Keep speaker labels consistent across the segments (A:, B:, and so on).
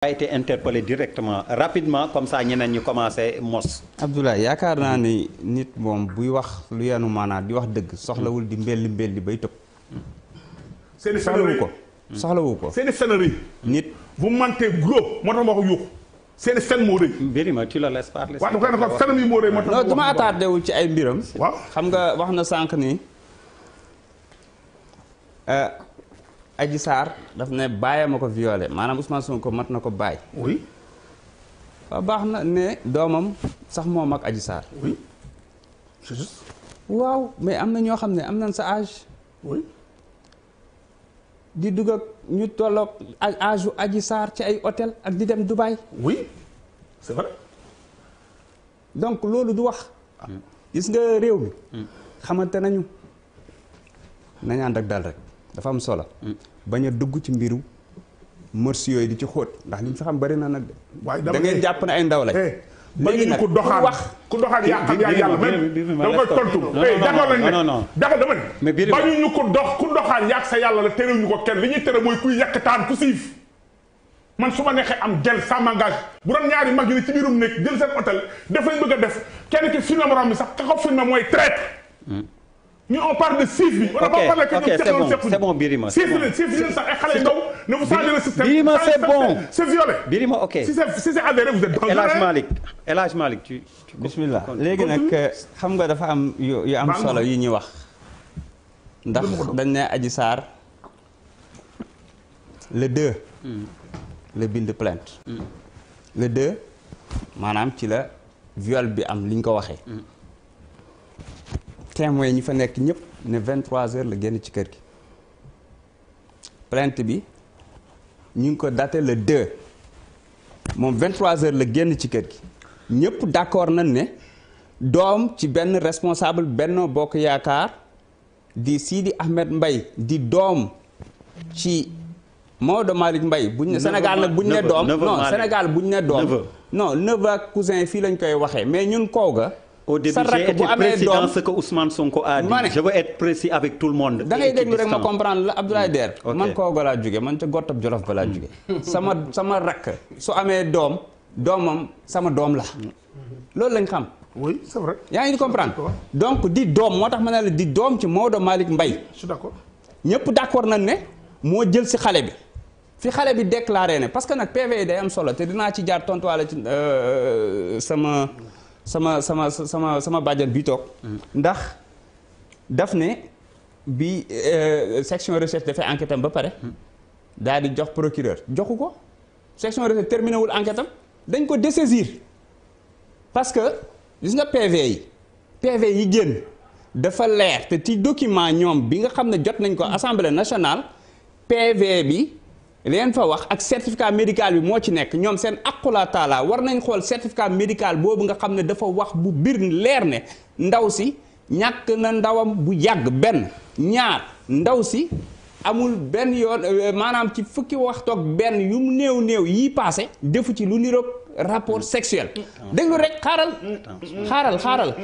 A: a été interpellé directement rapidement comme ça ñeneen ñu commencé mos. Abdoulaye yaakaar naa ni nit moom buy wax lu yanu maanaa di wax dëgg soxlawul di mbelli mbelli bay tëb. seen soxlawu ko soxlawu ko. seen fen nit bu mantee gros moo tax ma ko yuuxu seen fen moo rëy. Birima tu la laisses parler. waaw da ko fenam yi moo rëy moo tax. non dama ci ay mbiram. waaw xam nga wax na sànq ni. Euh, Adji Sarr daf ne bàyyam a ko violé maanaam Ousmane Sonko mat na ko bàyyi. oui. waaw baax na ne doomam sax moo mag Adji waaw mais am na ñoo xam ne am na sa âge. oui. di dugg ñu tolloog aj u ci ay hôtel ak di dem Dubaï. oui donc loolu du wax. Ah. gis nga réew mi. Hmm. xamante nañu. nañ ànd ak dal rek. dafa am solo. bañ a dugg ci mbiru mërs yooyu di ci xóot ndax liñ fi xam bari na nag. waaye da ngeen jàpp ne ay ndaw lañ. Eh, léegi nag ku doxaan ku doxaan yaa xam
B: yaa yàlla même da nga koy tontu eh d'accord lañ dama ne bañu ko dox ku doxaan yaag sa yàlla la terewuñu ko kenn li ñuy tere mooy kuy yàqtaan ku siif man su ma neexee am jël sa mangage bu doon ñaari mag yi ci biirum nekk jël seen hôtel def lañ bëgg a def kenn ki film rom bi sax ka ko filmé mooy traite hmm. ñu on parle de cible bi. on a pas parlé que ñoom c'est bon c'est bon Birima. c'est bon cible bi sax ay xale
A: ndaw. ne vous bismillah léegi nag euh, xam nga dafa am yu am solo yu ñuy wax. ndax dañ ne aji Sarr le 2. Hmm. la bind plainte. Hmm. le 2 maanaam ci la viol bi am liñ ko waxee. Hmm. témoin ñi fa nekk ñëpp ne 23h la génn ci kër gi plainte bi ñu ngi ko daté le 2 moom 23h la génn ci kër gi ñëpp d'accord nañ ne doom ci benn responsable Benno Bokk Yaakaar di Sidi Ahmed mbay di doom ci Maodo Malick Mbaye buñ ne Sénégal nag buñ ne doom non Sénégal buñ ne doom non neveu cousin fii lañ koy waxee mais ñun kaw ga au début j'ai été précis dans ce que Ousmane Sonko a da ngay la Abdoulaye hmm. Der. man Kogo laa jóge man ca Gottab Jolof ba laa hmm. jóge. sama sama rakk su amee doom doomam sama doom la. Hmm. loolu lañ xam. oui c'est vrai. yaa ngi comprendre donc di doom moo tax ma ne la di doom ci Maodo Malick Mbaye. je suis d'accord ñëpp ne moo jël si xale bi. fi xale bi déclaré ne parce nag PV yi e day am solo te dinaa ci jaar tontuwaale euh, sama. sama sama sama sama bàjjan bi toog. Mm-hmm. ndax daf ne bi euh, section recherche dafay enquête am ba pare. Mm-hmm. daal di jox procureur joxu ko section recherche terminé wul enquête dañ ko dessaisir parce que gis nga PV yi PV yi génn dafa leer te ci document ñoom bi nga xam ne jot nañ ko assemblée nationale PV bi. leen fa wax ak certificat médical bi moo ci nekk ñoom seen aqulaa taala war nañ xool certificat médical boobu nga xam ne dafa wax bu biir leer ne ndaw si ñàkk na ndawam bu yàgg benn ñaar ndaw si amul benn yoon euh, euh, maanaam ci fukki waxtoog benn yu néew néew yi passé defu ci lu niroog rapport sexuel mm. déglu rek xaaral
B: mm. xaaral xaaral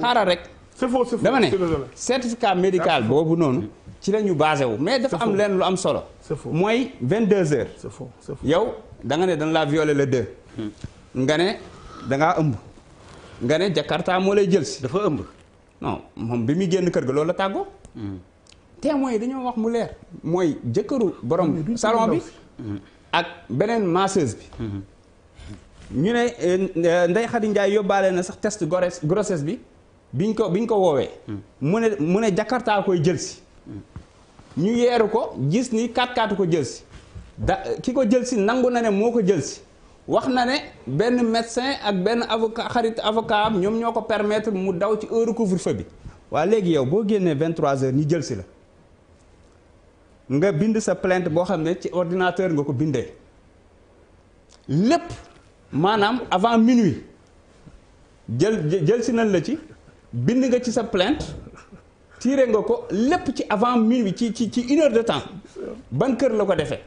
A: xaaral mm. rek c'est faux c'est faux dama ne certificat médical boobu noonu. ci la ñu basé wu mais dafa am leen lu am solo. c'est faux mooy 22 heures. c'est faux yow da nga ne dañ laa violé la 2. Hmm. nga ne da ëmb. nga ne Jakarta moo lay jël si. dafa ëmb. non moom bi muy génn kër gi loolu la tàggoo. Hmm. témoins yi dañoo wax mu leer. mooy jëkkëru borom salon bi. Hmm. ak beneen masseuse bi. ñu ne euh, Ndeye Khady Ndiaye yóbbaale na sax test grossesse bi. biñ ko biñ ko woowee. Hmm. mu ne mu ne Jakarta koy jël si. Hmm. ñu yeeru ko gis ni 4-4 ko jël si. da ki ko jël si nangu na ne moo ko jël si. wax na ne benn médecin ak benn avocat xarit avocat ñoom ñoo ko permettre mu daw ci heure couvre-feu bi. waa léegi yow boo génnee 23h ñu jël si la. nga bind sa plainte boo xam ne ci ordinateur nga ko bindee. lépp maanaam avant minuit. jël jël si nañ la ci bind nga ci sa plainte tiré nga ko lépp ci avant minuit ci ci ci une heure de temps ban kër la ko defee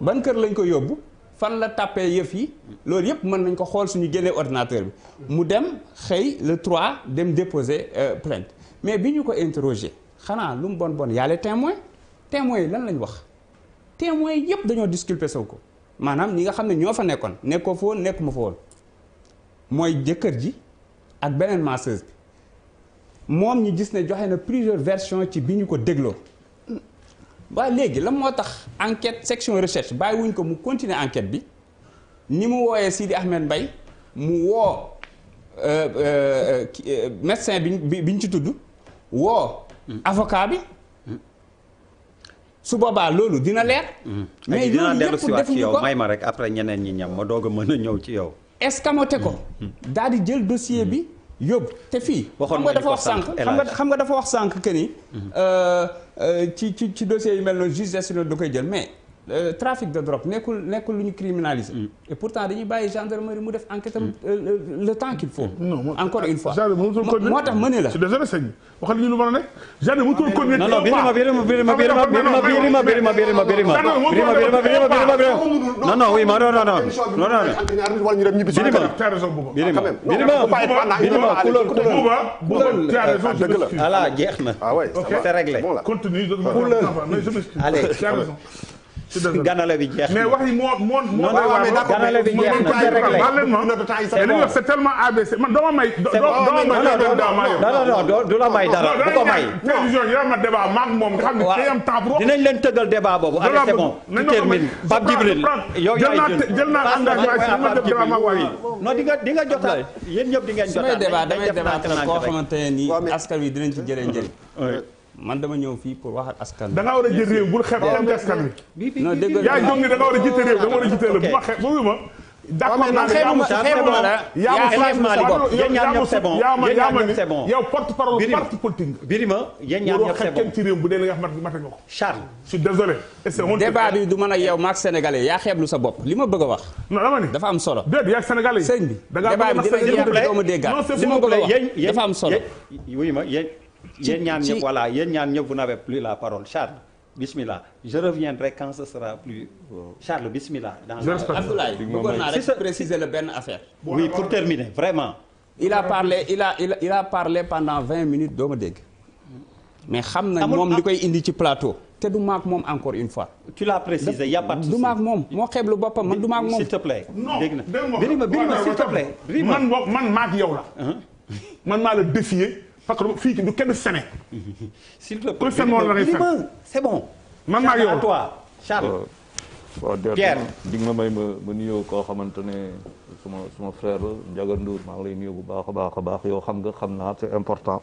A: ban kër lañ ko yóbbu fan la tàppee yëf yi loolu yëpp mën nañ ko xool suñu génnee ordinateur bi mu dem xëy le 3 dem déposer euh, plainte mais bi ñu ko interroger xanaa lu mu bon bon yàlla témoin témoins yi lan lañ wax témoins yi yëpp dañoo disculpé ko maanaam ñi nga xam ne ñoo fa nekkoon nekkoo fa woon nekkuma fa woon mooy jëkkër ji ak beneen masseuse bi moom ñu gis ne joxe na plusieurs versions ci bi ñu ko dégloo waaye léegi la moo tax enquête section recherche bàyyi wuñ ko mu continuer enquête bi ni mu wooyee Sidi Ahmed Mbaye mu woo euh, euh, euh, médecin bi bi ñu ci tudd woo avocat bi su boobaa loolu dina leer. mais yooyu yëpp defuñu ko may ma rek après ñeneen ñi ñam ma doog a mën a ñëw ci yow. escamoté ko. Hmm. daal di jël dossier bi yóbbu te fii xam nga dafa wax sànq xam nga xam nga dafa wax sànq que ni mm-hmm. euh, euh, ci ci ci dossier yi mel noonu juge d'instruction da koy jël mais Euh, trafic de drogue nekkul nekkul lu ñu criminaliser. Mm. et pourtant dañuy bàyyi gendarmerie mu def enquête am mm. euh, le temps qu'il faut. encore une fois moo tax ma ne la. je suis désolé sëñ bi waxal ñu lu mën a nekk. gendarme mu toll continué. non non birima birima birima birima birima birima birima birima birima birima birima non non oui ma non non non non non.
B: birima
A: birima birima
B: kuloon kuloon. kuloon voilà jeex na. Ah c'est réglé. continue allez. ganale bi jeex mais wax yi moo moo moo ganale bi jeex na c'est bon c'est tellement ABC man doo ma may doo ma may non non non du la may dara du ko may télévision yi ma débat maak moom nga xam ne day am temps pour
A: dinañ leen tëggal
C: débat boobu allez c'est bon tu termines Pape Djibril yow yaay jël naa engagement
A: non di nga di nga jotaat yéen ñëpp di ngeen jotaat damay débat damay débat koo xamante ne nii askan wi dinañ ci jëlee njëriñ man dama ñëw fii pour wax ak askan bi. da ngaa war a war a jiite réew da nga war a jiite bu
B: ma xeeb bu ma. d'accord naa ne yaa ma xeebu ma la
A: réew bu dee nga xam ne mat nga ko. Charles je suis désolé. débat bi du man ak sa bopp li ma bëgg wax. non dama ne dafa am solo. déedéet yaa sénégalais yi sëñ bi. da ngaa a wax ma déggaat li ma bëgg a wax dafa am solo. yéen ñaan ñëpp voilà yéen ñaan ñëpp vous n'avez plus la parole Charles bismillah je reviendrai quand ce sera plus euh, Charles bismillah dans Abdoulaye bëggoon naa rek préciser la benn affaire oui pour terminer vraiment il a parlé il a il a parlé pendant vingt minutes doo ma dégg mais xam nañ moom li koy indi ci plateau te du maak moom encore une fois. tu l'as précisé y' a pas de du maak moom moo xeeblu boppam man du maak moom. s'il te plaît dégg na Birima Birima s'il te plaît. man man maak yow la.
B: man maa la défier. parce que fii du kenn sene.
A: s'il te plaît c'est bon.
C: man euh, di nga may ma ma nuyoo koo xamante ne suma suma frère la Ndiaga Ndour maa ngi lay nuyu bu baax a baax a baax yoo xam nga xam naa c'est important.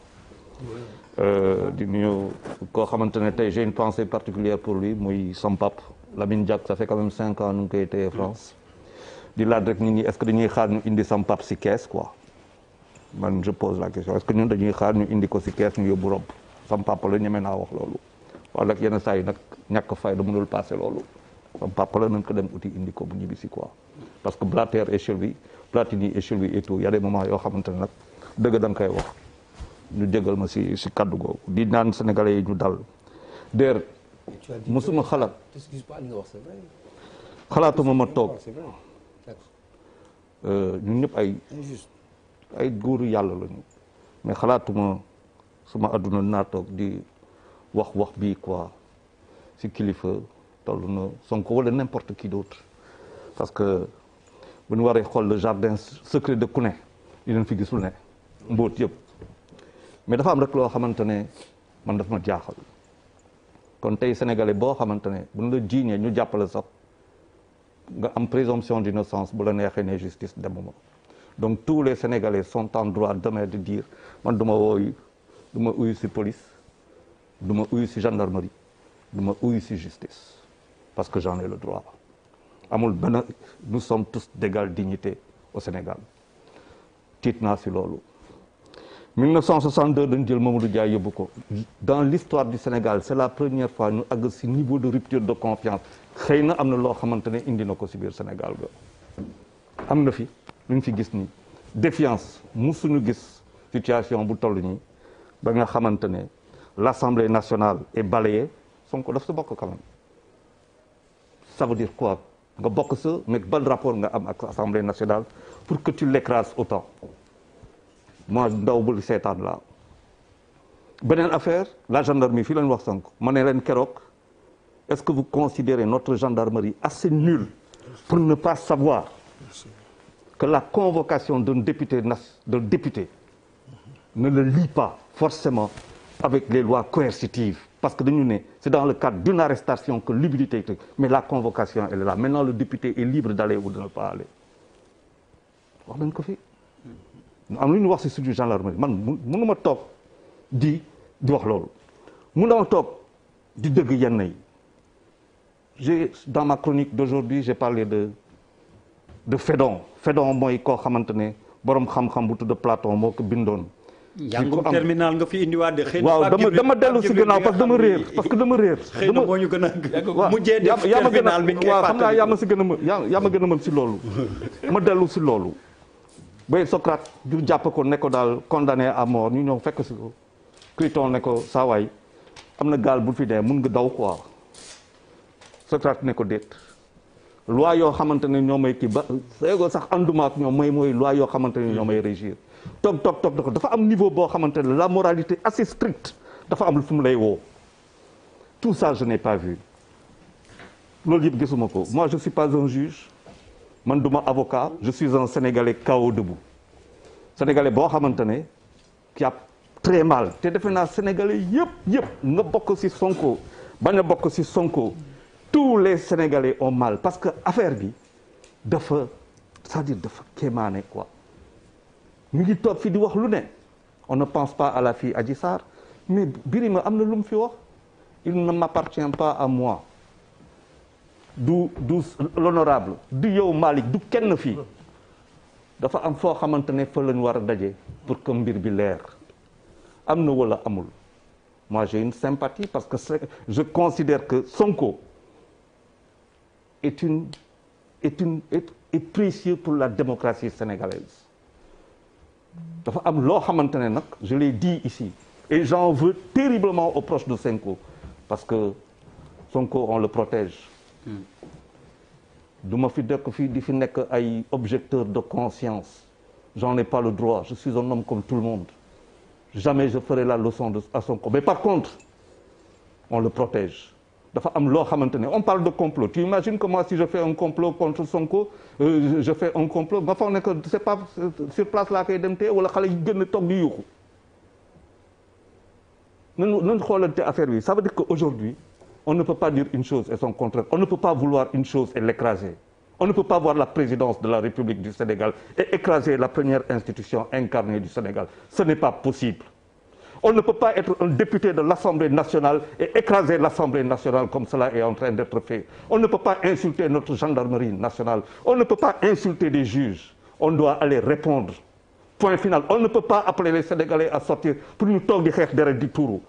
C: Euh, di nuyu koo xamante ne tey j'ai une pensée particulière pour lui muy son la Lamine Diack ça fait quand même cinq ans nu ngi koy téye France. di laaj rek ni ñi est-ce que dañuy xaar ñu indi son pape si kees quoi. man je pose la question est-ce que ñun dañuy xaar ñu indi ko si kees ñu yóbbu rob sam papa la ñeme naa wax loolu waaw nag yenn saa yi nag ñàkk fayda mënul passé loolu sam papa la nañ ko dem uti indi ko bu ñibbi si quoi parce que Blatter échelle bi Platini échelle bi et tout y a des yoo xamante ne nag dëgg da koy wax ñu jégal ma si si kaddu googu di naan sénégalais yi ñu dal déer musuma xalaat xalaatuma ma toog euh, ñun ñëpp ay ay góoru yàlla lañu mais xalaatuma suma àdduna naa toog di wax wax bii quoi si kilifa toll na Sonko wala n'importe qui d'autre parce que bu ñu waree xool de jardin secret de ku ne di leen fi gisul ne mbóot yëpp mais dafa am rek loo xamante ne man dafa ma jaaxal kon tey sénégalais boo xamante ne bu ñu la jiiñee ñu jàppale sax nga am présomption d'innocence bu la neexee ne justice demuma donc tous les sénégalais sont en droit demain de dire man du ma wooyu du ma uyu si police du ma uyu si gendarmerie du ma uyu si justice parce que j'en ai le droit amul benn nous sommes tous d'égale dignité au Sénégal tiit naa si loolu 1962 dañ jël du jaay yóbbu ko dans l'histoire du Sénégal c'est la première fois ñu àgg si niveau de rupture de confiance xëy na am na loo xamante ne indi na ko si biir Sénégal ga am na fi lu ñu fi gis nii défiance musuñu gis situation bu toll nii ba nga xamante ne l'Assemblée nationale est balayée Sonko daf sa bokk quand même ça veut dire quoi nga bokk sa mais ban rapport nga am ak Assemblée nationale pour que tu l'écrases autant moi ndaw bul seetaan la beneen affaire la gendarmerie fii lañ wax sànq ma ne leen keroog est-ce que vous considérez notre gendarmerie assez nulle pour ne pas savoir que la convocation d'un député, député, ne le lie pas forcément avec les lois coercitives. Parce que c'est dans le cadre d'une arrestation que l'humilité Mais la convocation, elle est là. Maintenant, le député est libre d'aller ou de ne pas aller. am lu ñu wax si suñu gendarmerie man mënu ma toog di di wax loolu mënuma toog di dëgg yenn yi j'ai dans ma chronique d'aujourd'hui j'ai parlé de de Phédon Phédon mooy koo xamante ne borom xam-xam bu tudd Platon moo ko bindoon. jàngum terminal nga fi indiwaat de. xëy na waaw dama dama dellu si dama réer parce que dama réer. xëy na moo ñu gën a mujjee waaw xam naa yaa ma si gën a mën yaa ma gën a mën si loolu. ma dellu si loolu. ba Socrate ju jàpp ko ne ko daal condamné à mort ñu ñëw fekk si ko. Criton ne ko saawaay am na gaal bu fi dee mun nga daw quoi. Socrate ne déet. loi yoo xamante ne ñoo may ba seego sax anduma ñoom mooy mooy loi yoo xamante ne ñoo may mm-hmm. régir toog toog toog dafa am niveau boo xamante ne la moralité assez stricte dafa am fu mu lay woo tout ça je n'ai loolu yëpp gisuma ko moi je suis pas un juge man duma avocat je suis un sénégalais KO debout boo xamante ne qui a très mal te defe naa sénégalais yëpp yëpp nga bokk si Sonko ba a bokk si Sonko tous les sénégalais ont mal parce que affaire bi dafa c'est-à-dire dafa kéemaane quoi ñu ngi toog fi di wax lu ne on ne pense pas à la fille Adji Sarr mais Birima am na lu mu fi wax il ne m'appartient pas à moi du du l'honorable du yow Malick du kenn fii dafa am foo xamante ne fa lañ war a daje pour que mbir bi leer am na wala amul moi j'ai une sympathie parce que je considère que Sonko est, une, est, une, est, est précieux pour la démocratie sénégalaise. dafa am loo xamante ne nag je l'ai dit ici et j'en veux terriblement aux proches de Sonko parce que Sonko on le protège du ma fi dekk fii di fi nekk ay objecteur de conscience j'en ai pas le droit je suis un homme comme tout le monde jamais je ferai la leçon de à Sonko mais par contre on le protège dafa am loo xamante ne on parle de complot tu imagines que moi si je fais un complot contre Sonko euh, je fais un complot nga foog ne que c'est pas sur place laa koy dem te wala xale yi gën a toog di yuuxu nañu nañu xoolante affaire bi ça veut dire que aujourd'hui on ne peut pas dire une chose et son contraire on ne peut pas vouloir une chose et l'écraser on ne peut pas voir la présidence de la République du Sénégal et écraser la première institution incarnée du Sénégal ce n'est pas possible On ne peut pas être un député de l'Assemblée nationale et écraser l'Assemblée nationale comme cela est en train d'être fait. On ne peut pas insulter notre gendarmerie nationale. On ne peut pas insulter des juges. On doit aller répondre. Point final. On ne peut pas appeler les Sénégalais à sortir pour ñu toog di xeex di tuuru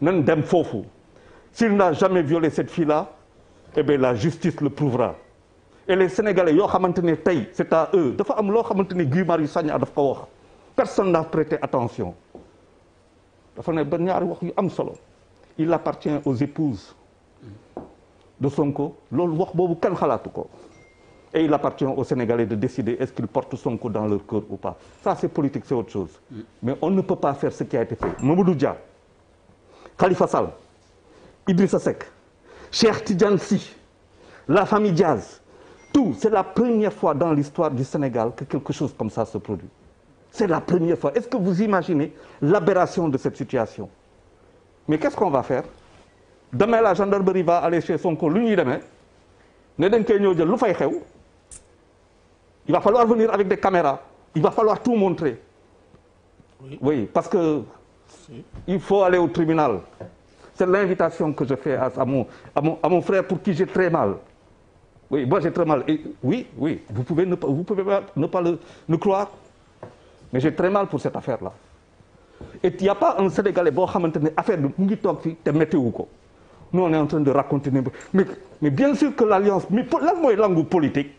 C: nan dem foofu s'il n'a jamais violé cette fille-là eh bien la justice le prouvera et les Sénégalais yoo xamante ne tey c'est à eux dafa am loo xamante ne Guy Marius daf ko wax personne n'a prêté attention dafa ne ba ñaari wax yu am solo il appartient aux épouses de Sonko loolu wax boobu kenn xalaatu ko et il appartient aux Sénégalais de décider est-ce qu'ils portent Sonko dans leur cœur ou pas ça c'est politique c'est autre chose mm. mais on ne peut pas faire ce qui a été fait Mamadou Dia Khalifa Sall Idrissa Seck Cheikh Tidiane Sy la famille Diaz tout c'est la première fois dans l'histoire du Sénégal que quelque chose comme ça se produit C'est la première fois. Est-ce que vous imaginez l'aberration de cette situation Mais qu'est-ce qu'on va faire Demain, la gendarmerie va aller chez son collègue demain. Il va falloir venir avec des caméras. Il va falloir tout montrer. parce que il faut aller au tribunal. C'est l'invitation que je fais à, mon, frère pour qui j'ai très mal. Oui, vous pouvez ne, pas, ne croire, mais j'ai très mal pour cette affaire là et il y a pas un sénégalais boo xamante ne affaire bi mu ngi toog fii te météo ko nous on est en train de raconter mais mais bien sûr que l'alliance mais lan mooy langue politique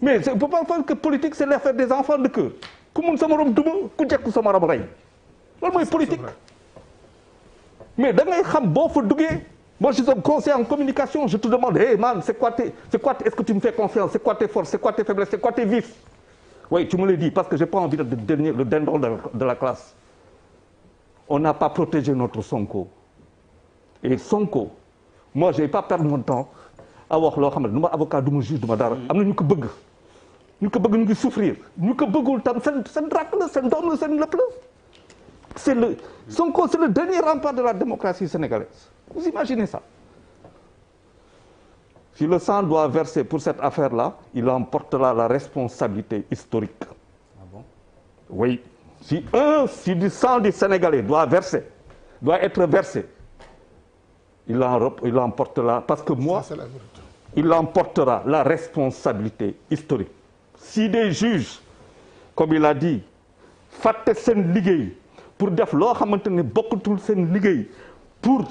C: mais c'est pour pas que politique c'est l'affaire des enfants de cœur ku mun sa morom duma ku jekku sa morom rey loolu mooy politique mais da ngay xam boo fa duggee moi je suis un conseiller en communication je te demande hey man c'est quoi tes c'est quoi tes quoi tes Oui, tu me le dis, parce que je n'ai pas envie d'être de le dindon de, de la classe. On n'a pas protégé notre Sonko. Et Sonko, moi, je n'ai pas perdu mon temps à voir l'avocat, avocat, du juge, de madara. Amna ñu ko bëgg. Ñu ko bëgg ñu ngi souffrir. Ñu ko bëggul tam se sen rak la, sen dom la, sen lepp la. C'est le Sonko, c'est le dernier rempart de la démocratie sénégalaise. Vous imaginez ça Si le sang doit verser pour cette affaire-là, il en portera la responsabilité historique. Ah bon? Oui. Si un, si du sang du Sénégalais doit verser, doit être versé, il en, il en portera, parce que moi, Ça, il en portera la responsabilité historique. Si des juges, comme il a dit, fàtte seen liggéey pour def loo xamante ne bokkatul seen liggéey pour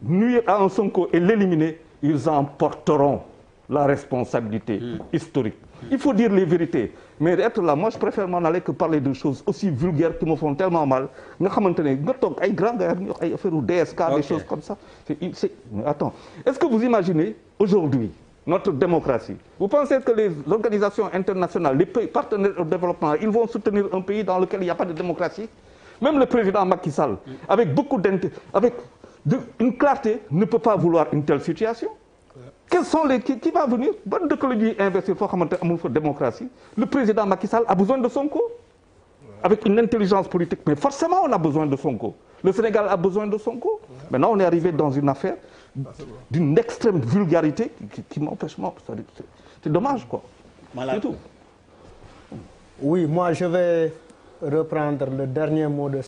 C: nuire à un Sonko et l'éliminer ils en porteront la responsabilité mmh. historique. Il faut dire les vérités. Mais être là, moi je préfère m'en aller que parler de choses aussi vulgaires qui me font tellement mal. Nga xamantene nga tok ay grand gars ay affaire ou DSK des choses comme ça. Est-ce que vous imaginez aujourd'hui notre démocratie. Vous pensez que les organisations internationales, les pays partenaires développement, ils vont soutenir un pays dans lequel il n'y a pas de démocratie Même le président Macky Sall, hmm. avec beaucoup d'intérêt, de une clarté ne peut pas vouloir une telle situation quels sont les qui, qui va venir ban dëkk la ñuy investir foo xamante amul fa démocratie le président Macky Sall a besoin de Sonko avec une intelligence politique mais forcément on a besoin de Sonko le Sénégal a besoin de Sonko maintenant on est arrivé dans une affaire d'une extrême vulgarité qui, qui m'empêche moi c'est dommage quoi c'est tout oui moi je vais reprendre le
B: dernier mot de